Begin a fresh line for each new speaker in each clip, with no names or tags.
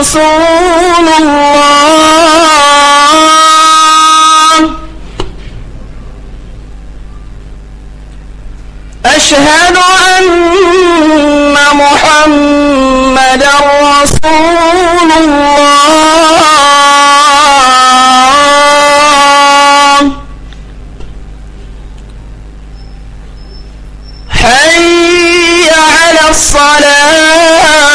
رسول الله أشهد أن محمد رسول الله حي على الصلاة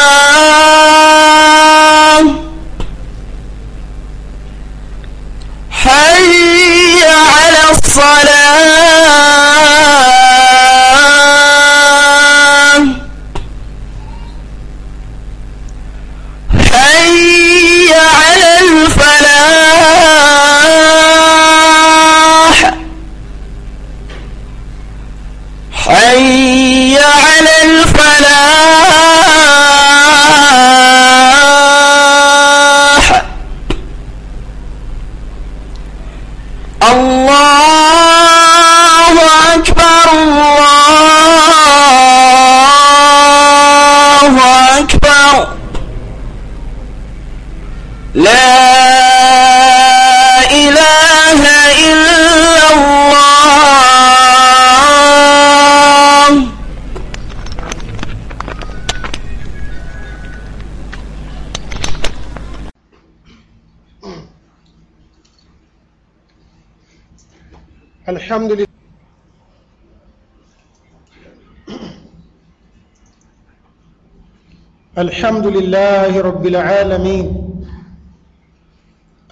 الحمد لله رب العالمين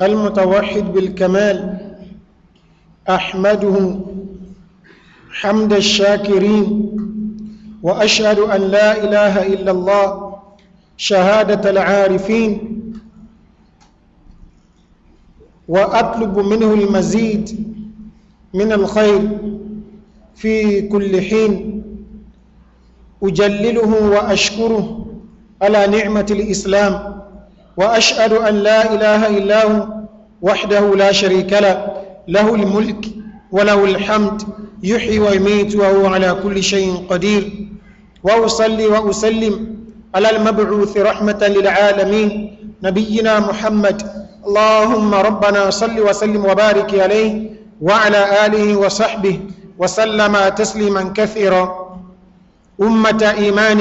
المتوحد بالكمال أحمده حمد الشاكرين وأشهد أن لا إله إلا الله شهادة العارفين وأطلب منه المزيد من الخير في كل حين أجلله وأشكره على نعمة الإسلام وأشهد أن لا إله إلا هو وحده لا شريك له له الملك وله الحمد يحي ويميت وهو على كل شيء قدير وأصلي وأسلم على المبعوث رحمة للعالمين نبينا محمد اللهم ربنا صل وسلم وبارك عليه وعلى آله وصحبه وسلم تسليما كثيرا أمة إيمان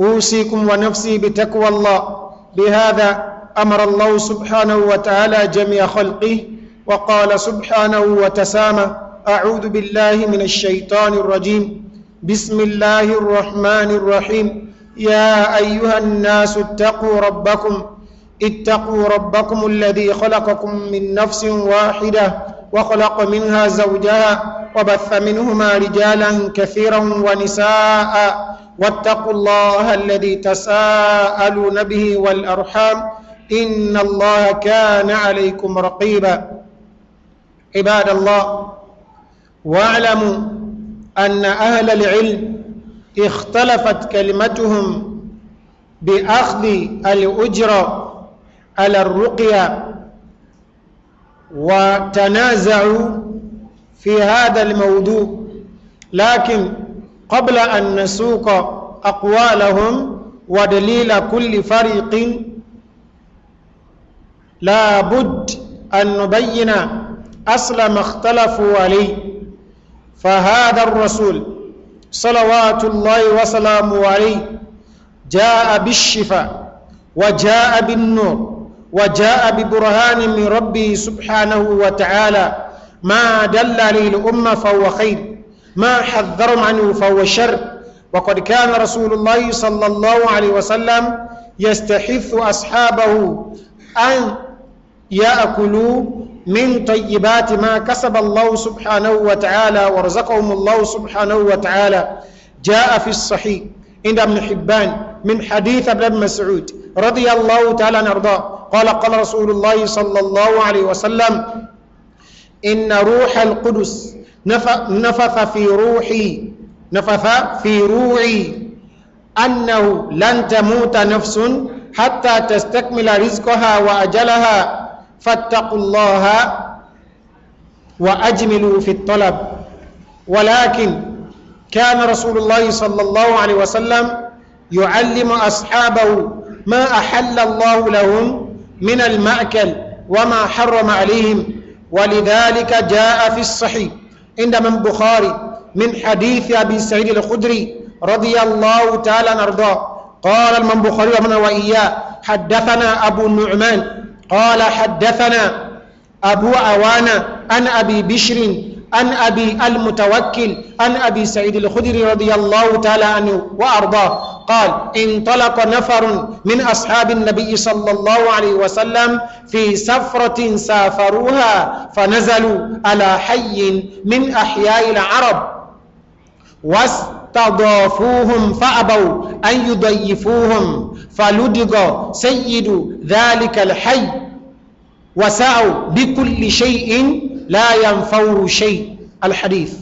أوصيكم ونفسي بتقوى الله بهذا أمر الله سبحانه وتعالى جميع خلقه وقال سبحانه وتسامى أعوذ بالله من الشيطان الرجيم بسم الله الرحمن الرحيم يا أيها الناس اتقوا ربكم اتقوا ربكم الذي خلقكم من نفس واحدة وخلق منها زوجها وبث منهما رجالا كثيرا ونساء واتقوا الله الذي تساءلون به والأرحام إن الله كان عليكم رقيبا عباد الله واعلموا أن أهل العلم اختلفت كلمتهم بأخذ الأجرة على الرقية وتنازعوا في هذا الموضوع لكن قبل أن نسوق أقوالهم ودليل كل فريق لا بد أن نبين أصل ما اختلفوا عليه فهذا الرسول صلوات الله وسلامه عليه جاء بالشفاء وجاء بالنور وجاء ببرهان من ربه سبحانه وتعالى ما دل عليه الأمة فهو خير ما حذرهم عنه فهو شر وقد كان رسول الله صلى الله عليه وسلم يستحث أصحابه أن يأكلوا من طيبات ما كسب الله سبحانه وتعالى ورزقهم الله سبحانه وتعالى جاء في الصحيح عند ابن حبان من حديث ابن مسعود رضي الله تعالى عنه قال قال رسول الله صلى الله عليه وسلم إن روح القدس نفث في روحي نفث في روعي أنه لن تموت نفس حتى تستكمل رزقها وأجلها فاتقوا الله وأجملوا في الطلب ولكن كان رسول الله صلى الله عليه وسلم يعلم أصحابه ما أحل الله لهم من المأكل وما حرم عليهم ولذلك جاء في الصحيح من بخاري من حديث أبي سعيد الخدري رضي الله تعالى عنه قال من بخاري ومن وإياه حدثنا أبو النعمان قال حدثنا أبو أوانا عن أبي بشر عن أبي المتوكل عن أبي سعيد الخدري رضي الله تعالى عنه وأرضاه قال انطلق نفر من أصحاب النبي صلى الله عليه وسلم في سفرة سافروها فنزلوا على حي من أحياء العرب واستضافوهم فأبوا أن يضيفوهم فلدغ سيد ذلك الحي وسعوا بكل شيء la yanfa'u shay alhadith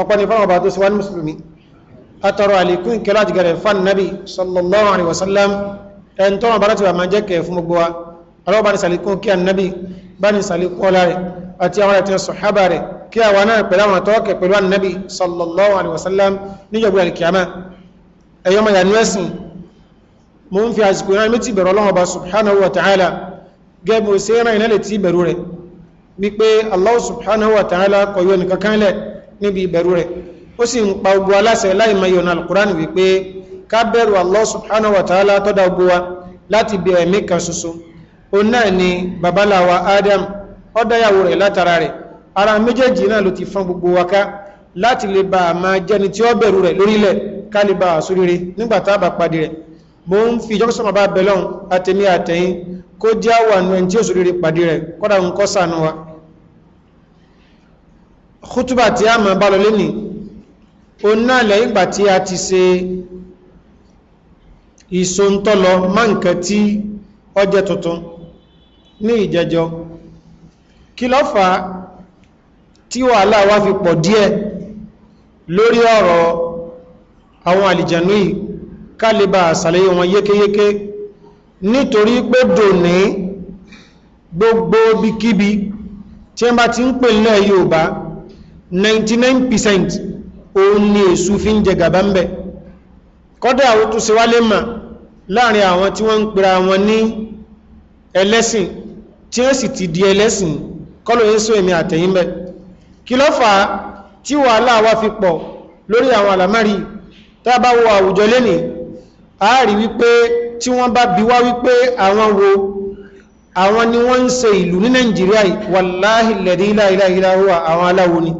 ọ̀pọ̀ ní fọ́nà ọba tó síwá ní musulmi àtọrọ àlékún ìkẹ́ láti gẹ̀rẹ̀ fún nabi sallallahu alaihi wasallam ẹn tọ́nà bá láti wà máa jẹ́ kẹ́ fún gbogbo wa ọlọ́wọ́ bá ní sàlékún kí annabi bá ní sàlékún ọlá rẹ̀ àti àwọn ẹ̀tẹ́ sọ̀hábà rẹ̀ kí àwa náà pẹ̀lú àwọn tọ́ọ̀kẹ̀ pẹ̀lú annabi sallallahu mo ń fi àsìkò náà méjì ọlọ́wọ́ bá subhanahu wa ta'ala gẹ́gbẹ̀ sí ẹ̀rọ ìnẹ́lẹ̀ rẹ̀ wípé Allah subhanahu wa ta'ala kọ̀yọ ẹnìkan kan lẹ̀ níbi ìbẹ̀rù rẹ̀ ó sì ń pa ogun aláṣẹ láì mọ ìyọ̀nà alukuran wípé ká bẹ̀rù Allah subhanahu wa ta'ala tọ́da ogun wa láti bí ẹ̀mí kan ṣoṣo òun náà ni babaláwa Adam ọ̀dáyàwó rẹ̀ látara rẹ̀ ara méjèèjì náà ló ti fọ́n gbogbo wa ká láti lè bá a máa jẹni tí ó bẹ̀rù rẹ̀ lórílẹ̀ ká lè bá a sóríire nígbà tá a bá padì rẹ̀ mo ń fi ìjọ́kọ́sọ́ máa bá a àtẹ̀mí àtẹ̀yìn kó jẹ́ àwọn ẹni tí ó sóríire padì rẹ̀ kọ́dà ń kọ́ sànú wa kútùbà tí a mọ̀ bá lọ lẹ́ni o náà lẹ́yìn ìgbà tí a ti ṣe ìsontọ́lọ má nǹkan tí ọjẹ́ tuntun ní ìjẹjọ kí ló fà tí wàhálà wá fi pọ̀ díẹ̀ lórí ọ̀rọ̀ àwọn àlìjànú yìí ká lè bá àṣàlẹ̀ wọn yékéyéké nítorí pé dòní gbogbo bíkíbi tí wọ́n bá ti ń pè nílẹ̀ Yorùbá 99% òun ni èsù fi ń jẹ gàbá ń bẹ̀ kọ́dá àwọn tó se wálé mà láàrin àwọn tí wọ́n ń pera wọn ní ẹlẹ́sìn tí ó sì ti di ẹlẹ́sìn kọ́lọ̀ yẹn sọ àtẹ̀yìn bẹ̀ kí ló fà tí wàhálà wa fi pọ̀ lórí àwọn àlámárì tá a bá wo àwùjọ lénìí a rí wípé tí wọ́n bá bi wá wípé àwọn wo àwọn ni wọ́n ń ṣe ìlú ní nàìjíríà wàláhì láìláìláwà àwọn aláwo ni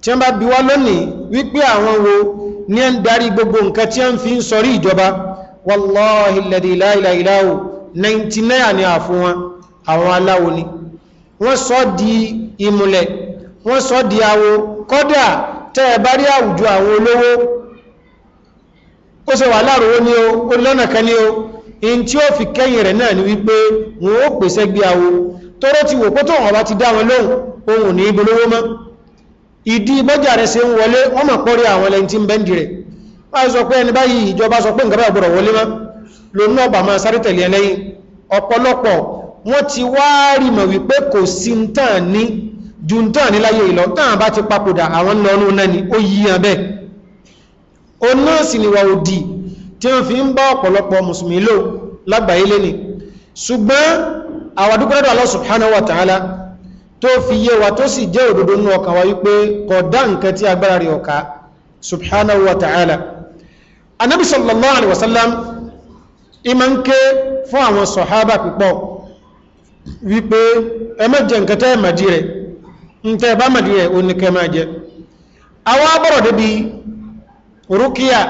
tí wọ́n bá bi wá lónìí wípé àwọn wo ní ń darí gbogbo nǹkan tí wọ́n fi ń sọrí ìjọba wallahi alladhi la ilaha illa hu 99 ni àfún wọn àwọn aláwo ni wọ́n sọ di ìmùlẹ̀ wọ́n sọ di awo kọ́dà tẹ́ ẹ bá rí àwùjọ àwọn olówó ó ṣe wà láàrówó ní o ó lọ́nà kan ní o in tí ó fi kẹ́yìn rẹ̀ náà ni wípé wọn ó pèsè gbé awo tọ́rọ ti wò pé tó ti dá wọn lóhùn ohun ní ibolówó mọ́ ìdí bọ́jà rẹ̀ ṣe ń wọlé wọ́n mọ̀ pọ́rí àwọn ẹlẹ́ni tí ń bẹ́ǹdì rẹ̀ wọ́n sọ pé ẹni báyìí ìjọba sọ pé nǹkan bá gbọ́dọ̀ wọlé mọ́ lòun náà bà máa sáré tẹ̀lé ẹlẹ́yìn ọ̀pọ̀lọpọ̀ wọ́n ti wá rí mọ̀ wípé kò sí ń tàn ni ó yí àwàdúgbọ́dọ̀ Allah subhanahu wa ta'ala tó fi yé wa tó sì jẹ́ òdodo nínú ọkàn wa wípé kọ̀dá nǹkan tí agbára rẹ̀ ọ̀ka subhanahu wa ta'ala anabi sallallahu alaihi wasallam ima ń ké fún àwọn sọ̀hábà púpọ̀ wípé ẹ má jẹ nǹkan tẹ́ màdí rẹ̀ ń bá màdí rẹ̀ ó ní kẹ́ máa jẹ àwọn abọ́rọ̀ débi rúkíà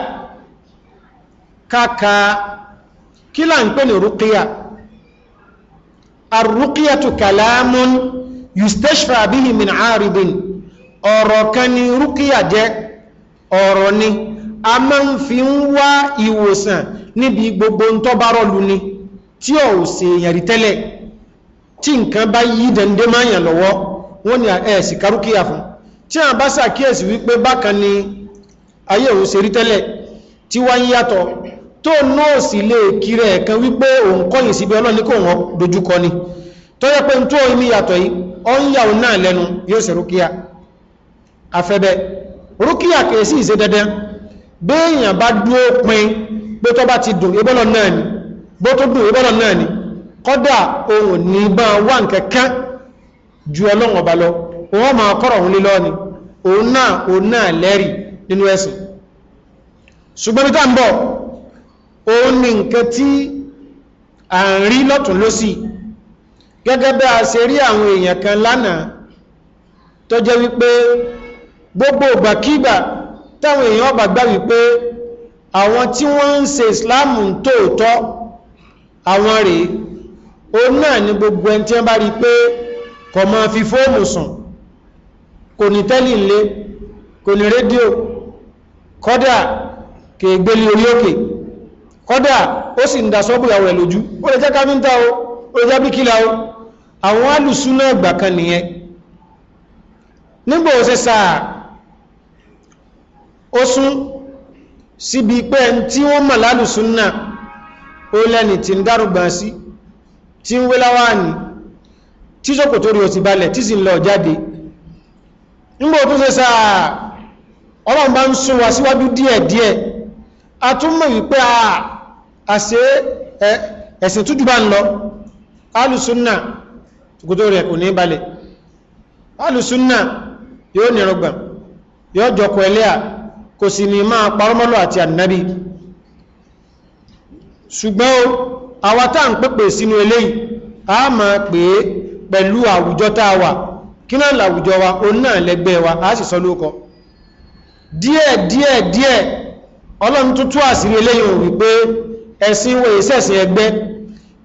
kàkà kí là ń pè ní rúkíà arúkíà tu kàlámún yustashfa bihi min aridin ọ̀rọ̀ kan ni rúkìyà jẹ́ ọ̀rọ̀ ni a ma ń fi ń wá ìwòsàn níbi gbogbo ń tọ́ bá rọ̀lú ni tí ò sì èèyàn rí tẹ́lẹ̀ tí nǹkan bá yí dẹ̀ndé máa yàn lọ́wọ́ wọ́n ni ẹ̀ẹ̀sì karúkìyà fún tí a bá sàkíyèsí wípé bákan ni ayé òun ṣe rí tẹ́lẹ̀ tí wá ń yàtọ̀ tó náà sì lè kiri ẹ̀kan wípé òun kọ́yìn síbi ọlọ́ni kò wọ́n dojúkọ ni tó yẹ pé ń tó omi yàtọ̀ yìí ọ́nyà òun náà lẹ́nu yóò sì rúkíà afẹ́bẹ́ rúkíà kìí sí ìṣe dandan béèyàn bá dúó pin pé tó bá ti dùn ebọ́lọ̀ náà ni bó tó dùn ebọ́lọ̀ náà ni kọ́dà ohun ní bá wà nkẹ́kẹ́ ju ń bọ̀ òun ni nǹkan tí à ń gẹ́gẹ́ bẹ́ a ṣe rí àwọn èèyàn kan lánàá tó jẹ́ wípé gbogbo ìgbàkígbà táwọn èèyàn ọba gbá wípé àwọn tí wọ́n ń ṣe ìsìláàmù tóòtọ́ àwọn rèé o náà ni gbogbo ẹni tí wọ́n bá rí pé kò mọ́ fi fóòmù sùn kò ní tẹ́lì ńlé kò ní rédíò kọ́dà kèègbélé orí òkè kọ́dà ó sì ń da sọ́bù ìyàwó ẹ̀ lójú ó lè jẹ́ káfíńtà ó lè jẹ́ bíkílà o àwọn alùsúnà ìgbà kan nìyẹn nígbò ṣe sáà ó sún síbi pé tí wọ́n mọ̀ lálùsúnà ó lẹ́ni tí ń dárúgbà sí tí ń wéláwà ní tí sọ́kò tó rí òsì balẹ̀ tí sì ń lọ jáde nígbò tó ṣe sáà ọlọ́run bá ń sún wa síwájú díẹ̀díẹ̀ a tún mọ̀ wípé a àṣẹ ẹ̀sìn tújù bá ń lọ alùsúnà ṣòkòtò rẹ̀ kò ní balẹ̀ alùsúnnà yóò nìrọgbà yóò jọkọ̀ ẹlẹ́à kò sì ní máa àti annabi ṣùgbọ́n o àwátá ń pèpè sínú eléyìí a ma pè é pẹ̀lú àwùjọ tá wà kí náà làwùjọ wa o náà lẹ́gbẹ́ wa a sì sọ lóòkọ́ díẹ̀ díẹ̀ díẹ̀ ọlọ́run àsìrí ẹ̀sìn wo ìṣẹ̀sìn ẹgbẹ́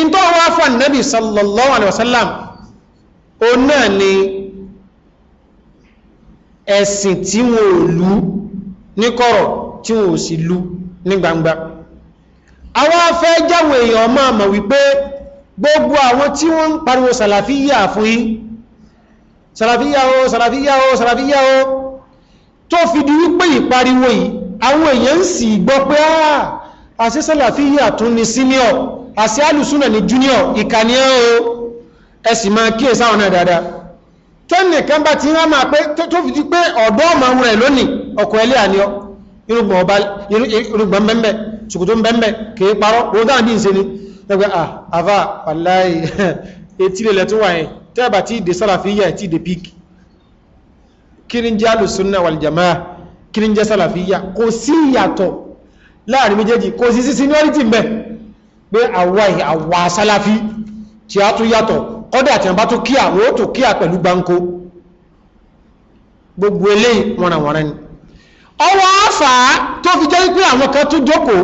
in tó wá fún ànábì sallallahu alaihi wasallam o náà ni ẹ̀sìn tí wọn ò lú ní kọ̀rọ̀ tí wọn ò sì lú ní gbangba àwọn afẹ́ jáwọn èèyàn máa mọ̀ wípé gbogbo àwọn tí wọ́n ń pariwo sàlàfíyà fún yí sàlàfíyà o sàlàfíyà tó fi di wípé ìpariwo yìí àwọn èèyàn sì gbọ́ pé àà àṣísàlàfíyà tún ni senior àṣẹ alùsúnà ní junior ìkànnì ẹ̀ o ẹ̀sì máa kíyè sáwọn náà dáadáa tẹ́nì kan bá ti rán máa pé tó fi di pé ọ̀dọ́ ọmọ ọmọ rẹ̀ lónìí ọkọ̀ ẹlẹ́ àníọ́ irúgbọ̀n bẹ́ẹ̀ ṣùkùtù bẹ́ẹ̀ kìí parọ́ owó dáhùn bí n ṣe ni ẹgbẹ́ ah, àfà wàláì etí lẹ̀ tó wà yẹn tẹ́ẹ̀bà kí ni jẹ́ alùsúnà kò sí ìyàtọ̀ láàrin méjèèjì kò sí sí seniority mbẹ́ẹ̀ pé awa àwa sálàfí tí a tún yàtọ̀ kọ́dà tí a bá tún kíà wọ́n gbogbo ilé ni ọwọ́ àfà tó fi jẹ́ pé àwọn kan tún jókòó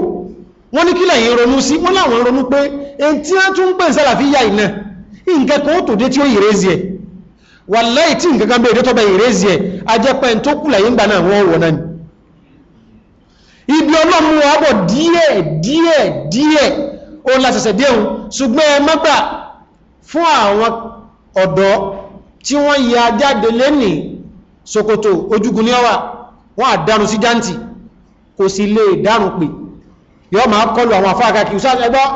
wọ́n ní kílẹ̀ yìí ronú sí wọ́n láwọn ronú pé èyí tí wọ́n tún pè sálàfí yà kan tó dé tí ó yèrèzì ẹ̀ wàláì tí nǹkan kan tó bẹ̀ yèrèzì ẹ̀ tó yìí ń gbà náà wọ́n wọ̀ náà ni ibi ó lásẹsẹ̀ díẹ̀ ohun ṣùgbọ́n ẹ mọ́gbà fún àwọn ọ̀dọ́ tí wọ́n ya jáde lẹ́nì ṣòkòtò ojúgun ní ọwà wọ́n àdánù sí jáǹtì kò sì lè dánù pè yọ́ máa kọlu àwọn afáàkà kì ẹgbọ́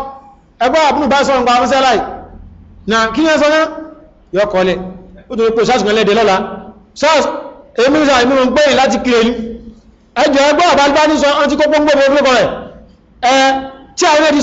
ẹgbọ́ àbúrú sọ nǹkan afẹ́sẹ́ láì na kí yẹn sọ náà yọ kọlẹ̀ ó tó pé sars mẹ́lẹ́dẹ̀ lọ́la sars èmi sọ èmi ń gbẹ̀yìn láti kiri ẹni ẹjọ́ ẹgbọ́ àbálgbá ní sọ ọtí kó pọ́ngbọ́n bí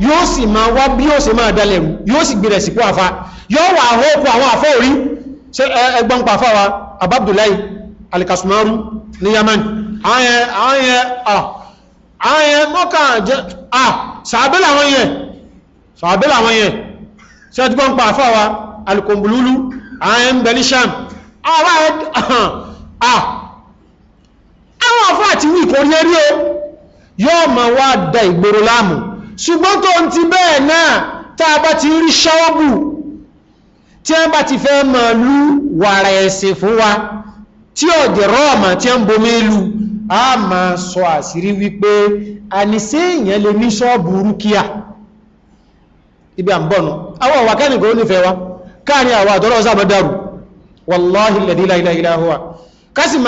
yóò sì máa wá bí ó ṣe máa dalẹ̀ rú yóò sì gbèrè sípò àfa yóò wà àhókù àwọn àfọ́ orí ṣe ẹgbọ́n pa àfáwa ababdulahi alikasumaru ní yaman àwọn yẹn mọ́kà jẹ́ à sàábẹ́lẹ̀ àwọn yẹn sàábẹ́lẹ̀ àwọn yẹn ṣe ẹgbọ́n pa àfáwa alikombululu àwọn yẹn bẹni sham àwọn àfọ́ àti wíkọ̀ rí ẹ yóò máa wá da ìgboro láàmú ṣùgbọ́n tó ń ti bẹ́ẹ̀ náà tá a bá ti rí ṣọ́ọ̀bù tí a bá ti fẹ́ mọ̀ lú wàrà ẹ̀sẹ̀ fún wa tí ọ̀dẹ̀ rọ́ọ̀mà tí a ń bomi lù a máa sọ àṣírí wípé àníṣe èèyàn lè ní ṣọ́ọ̀bù rúkíà ibi à àwọn ọ̀wà kẹ́nìkan ó nífẹ̀ẹ́ wa káàrin àwọn àtọ́rọ̀ sábà dàrú wàláhì lẹ́dí láìláìláhùwà kásì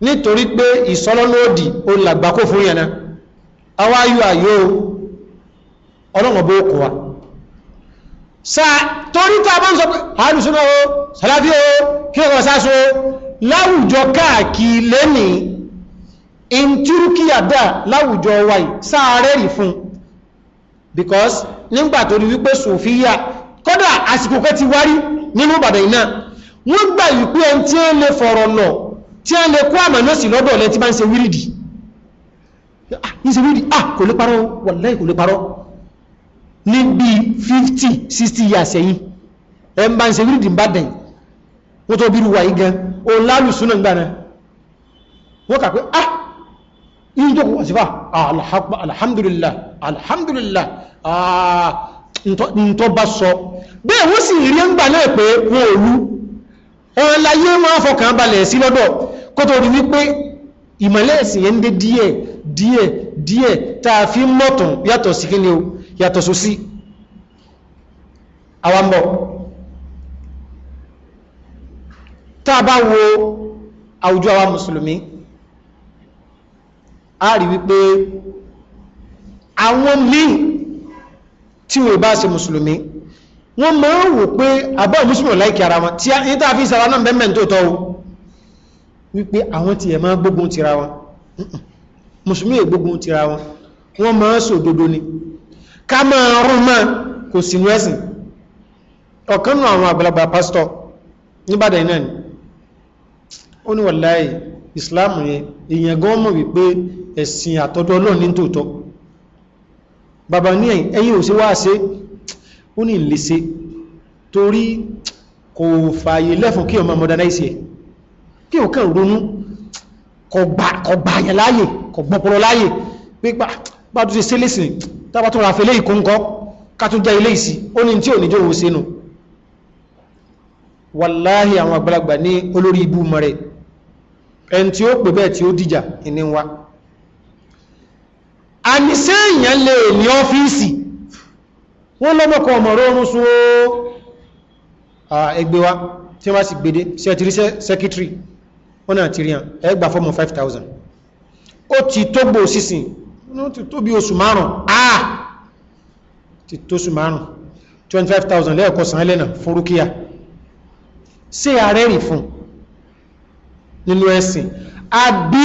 nítorí pé ìsọlọ́lódì ó làgbà kó fún yẹ̀nà awá ayú ayó ọlọ́mọ̀bó kò wá sáà torí tàà bá ń sọ pé àádùsúná o sàláfí o kí ọkọ̀ sáàsó láwùjọ káàkì lẹ́nì in túrúkìyàdá láwùjọ wáyì sáà rẹ́rì fún because nígbà torí wípé sòfíyà kódà àsìkò kẹ́ ti wárí nínú Ìbàdàn iná wọ́n gbà wípé ẹni tí ó lè fọ̀rọ̀ lọ tí a lè kó àmà náà sí lọ́dọ̀ ọ̀lẹ́ tí bá ń ṣe wírìdì ah, ah kò lè parọ́ wàláhì kò lè parọ́ ní bí 50 60 years ẹ̀yìn ẹ ń bá ń ṣe wírìdì bá dẹ̀ wọ́n tó bí ruwa yìí o lálùsúnà ń wọ́n kà pé ah yìí jókòó wọ́n sí fà alhamdulillah alhamdulillah ah ntọ́ bá sọ bẹ́ẹ̀ wọ́n sì rí ń gbà náà pé kó tó di wípé ìmọ̀lẹ̀ ẹ̀sìn yẹn ń dé díẹ̀ díẹ̀ díẹ̀ tá a fi mọ̀tún yàtọ̀ sí kíni o yàtọ̀ sí sí àwọn bọ̀ tá a bá wo àwùjọ àwa mùsùlùmí a rí wípé àwọn míì tí wọ́n bá ṣe mùsùlùmí wọ́n máa wò pé àbọ̀ ìmúsùlùmí láìkí ara wọn tí a ní tàbí náà bẹ́ẹ̀ mẹ́ntò tọ́ wípé àwọn ti ẹ̀ máa gbógun tira wọn mùsùlùmí è gbógun tira wọn wọ́n máa ń sòdodo ni ká máa rún máa kò sínú ẹ̀sìn ọ̀kan nù àwọn àgbàlagbà pásítọ̀ níbàdàn náà ni ó ní wàláì ìsìláàmù yẹn èèyàn gan mọ̀ wípé ẹ̀sìn àtọ́dọ́ náà ní tòótọ́ bàbá ní ẹ̀yìn ò sí wá ṣe ó ní ìlèṣe torí kò fààyè lẹ́fún kí ọmọ modernize yẹn kí o kàn ronú kọgbà àyàn láàyè kọgbọ́pọ̀lọ láàyè pípa bá tún ṣe sí lẹ́sìn tàbá tún ra fẹ́lẹ́ ìkóńkọ́ kátún jẹ́ ilé ìsì ó ní tí ò ní jòwó sínú wàláhì àwọn àgbàlagbà ní olórí ibú mọ̀rẹ̀ ẹni tí ó pè bẹ́ẹ̀ tí ó dìjà ìní wa àníṣe èèyàn lè ní gbede secretary wọ́n náà ti rí hàn ẹ gbà fọ́mọ̀ 5000
ó ti tó gbò sísìn
ó ti tó bí oṣù márùn áà ah! ti tó oṣù márùn 25,000 lẹ́ẹ̀kọ́ sàn lẹ́nà fún rúkíà sí ààrẹ rì fún nínú ẹ̀sìn àbí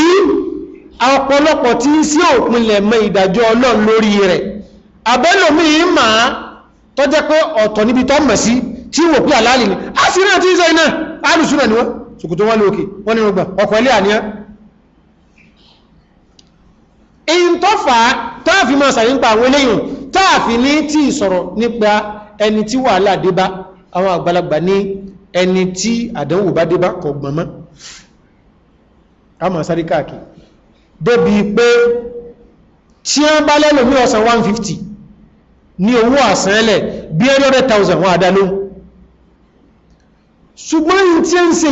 ọ̀pọ̀lọpọ̀ tí ń sí òpinlẹ̀ mọ́ ìdájọ́ ọlọ́run lórí rẹ̀ abẹ́lòmí máa tọ́jẹ́ pé ọ̀tọ̀ níbi tọ́ mọ̀ sí tí wò pé àlálì ni a sì náà ti ń sọ iná alùsùnà ni wọ́n ṣòkòtò wọn lókè wọ́n ní rọgbà ọkọ̀ ilé àníyàn in tó fà á táàfin máa sàyí ń pa àwọn eléyìn táàfin ní tí ìsọ̀rọ̀ nípa ẹni tí wàhálà dé bá àwọn àgbàlagbà ní ẹni tí àdánwò bá dé bá kọ̀ gbọ̀nmọ́ a máa débi pé tí wọ́n bá lẹ́lò ní ọ̀sán 150 ní owó àsánlẹ̀ bí 100,000 wọ́n àdá lóhun ṣùgbọ́n yìí tí ń ṣe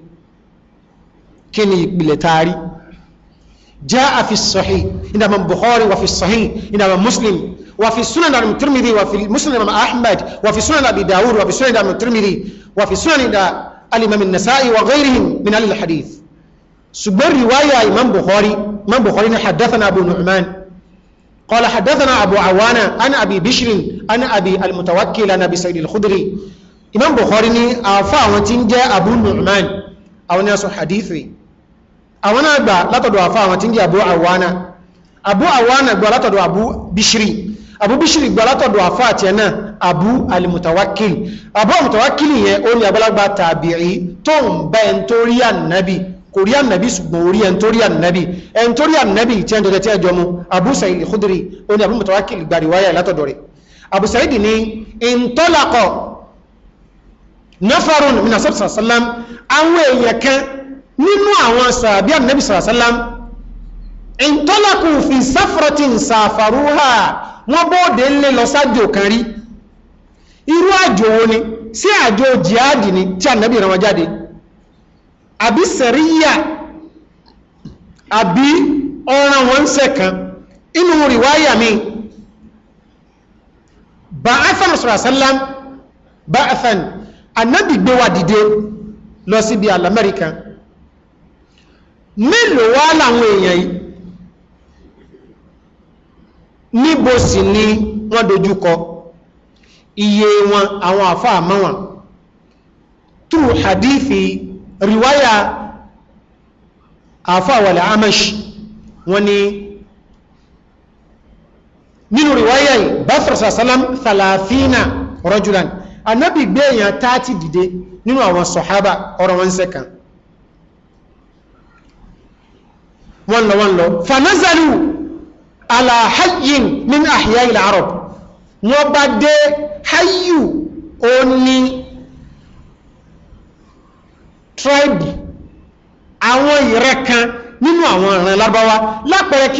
kí ni ìpìlẹ̀ taari jaa fi sahih inama bukhari wa fi sahih inama muslim wa fi sunan ibn tirmidhi wa fi muslim imam ahmad wa fi sunan abi dawud wa fi sunan ibn tirmidhi wa fi sunan al-imam an-nasa'i wa ghayrihim min ahli hadith ṣùgbọ́n riwaya imam bukhari imam bukhari ni haddathana abu nu'man قال حدثنا أبو عوانة عن أبي بشر عن أبي المتوكل عن أبي سيد الخدري إمام بخاري أفا وتنجى أبو النعمان أو ناس حديثي àwọn náà gbà látọ̀dọ̀ àfá àwọn tí ń jẹ́ àbú àwánà àbú àwánà gbà látọ̀dọ̀ àbú bishiri àbú bishiri gbà látọ̀dọ̀ àfá àti ẹ̀nà àbú alimutawakil àbú alimutawakil yẹn ó ní abalagba tàbírí tó ń bá ẹn tó rí ànábì kò rí ànábì khudri ó ní mutawakil gbà riwaya látọ̀dọ̀ rẹ̀ àbú sa'id ní intalaqa nafarun min sallam àwọn èèyàn kan nínú àwọn sàbí ànábì sàrásálám ìntọ́lákù fi sáfọ́rọ̀tìn sàfàrúhà wọ́n bóòdé ńlẹ̀ lọ sájò kan rí irú àjò wo ni sí àjò jihadi ni tí ànábì rán wọn jáde àbí sẹ̀ríyà àbí ọ̀ràn wọn sẹ́kan inú rìwáyà mi bá afẹ́mù sàrásálám bá afẹ́n ànábì gbé wa dìde lọ síbi alamẹ́ríkan mélòó wá làwọn èèyàn yìí níbo sì ni wọ́n dojúkọ iye wọn àwọn àfáà mọ́wọ̀n túrù hadithi riwaya àfáà wàlẹ̀ amash wọ́n ni nínú riwaya yìí báfẹ́sà sálám thalafina rajulan anábì gbé èèyàn 30 dìde nínú àwọn sọ̀hábà ọ̀rọ̀ wọn sẹ́kàn wọ́n lọ wọ́n lọ fanazalu ala hayyin min ahya il arab wọ́n bá dé hayyu ó ní tribe àwọn ìrẹ́ kan nínú àwọn ìran lábáwá
lápẹẹrẹ kí